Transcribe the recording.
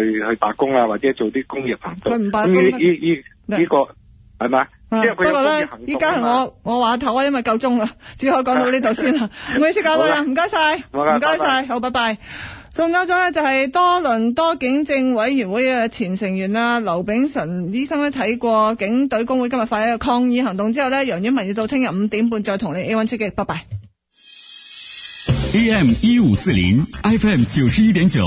去去罷工啊，或者做啲工業啊，行動。佢唔罷工。呢呢呢呢個係咪？因為佢有工業行動啊嘛。不過咧，依家係我我話頭啊，因為夠鐘啦，只可以講到呢度先啦。唔該晒，唔該啦唔該晒，唔該晒，好，拜拜。仲有咗咧，就係多倫多警政委員會嘅前成員啊，劉炳臣醫生咧睇過警隊工會今日發起嘅抗議行動之後咧，楊婉文要到聽日五點半再同你 A One 出擊，拜拜。A M 一五四零，F M 九十一點九。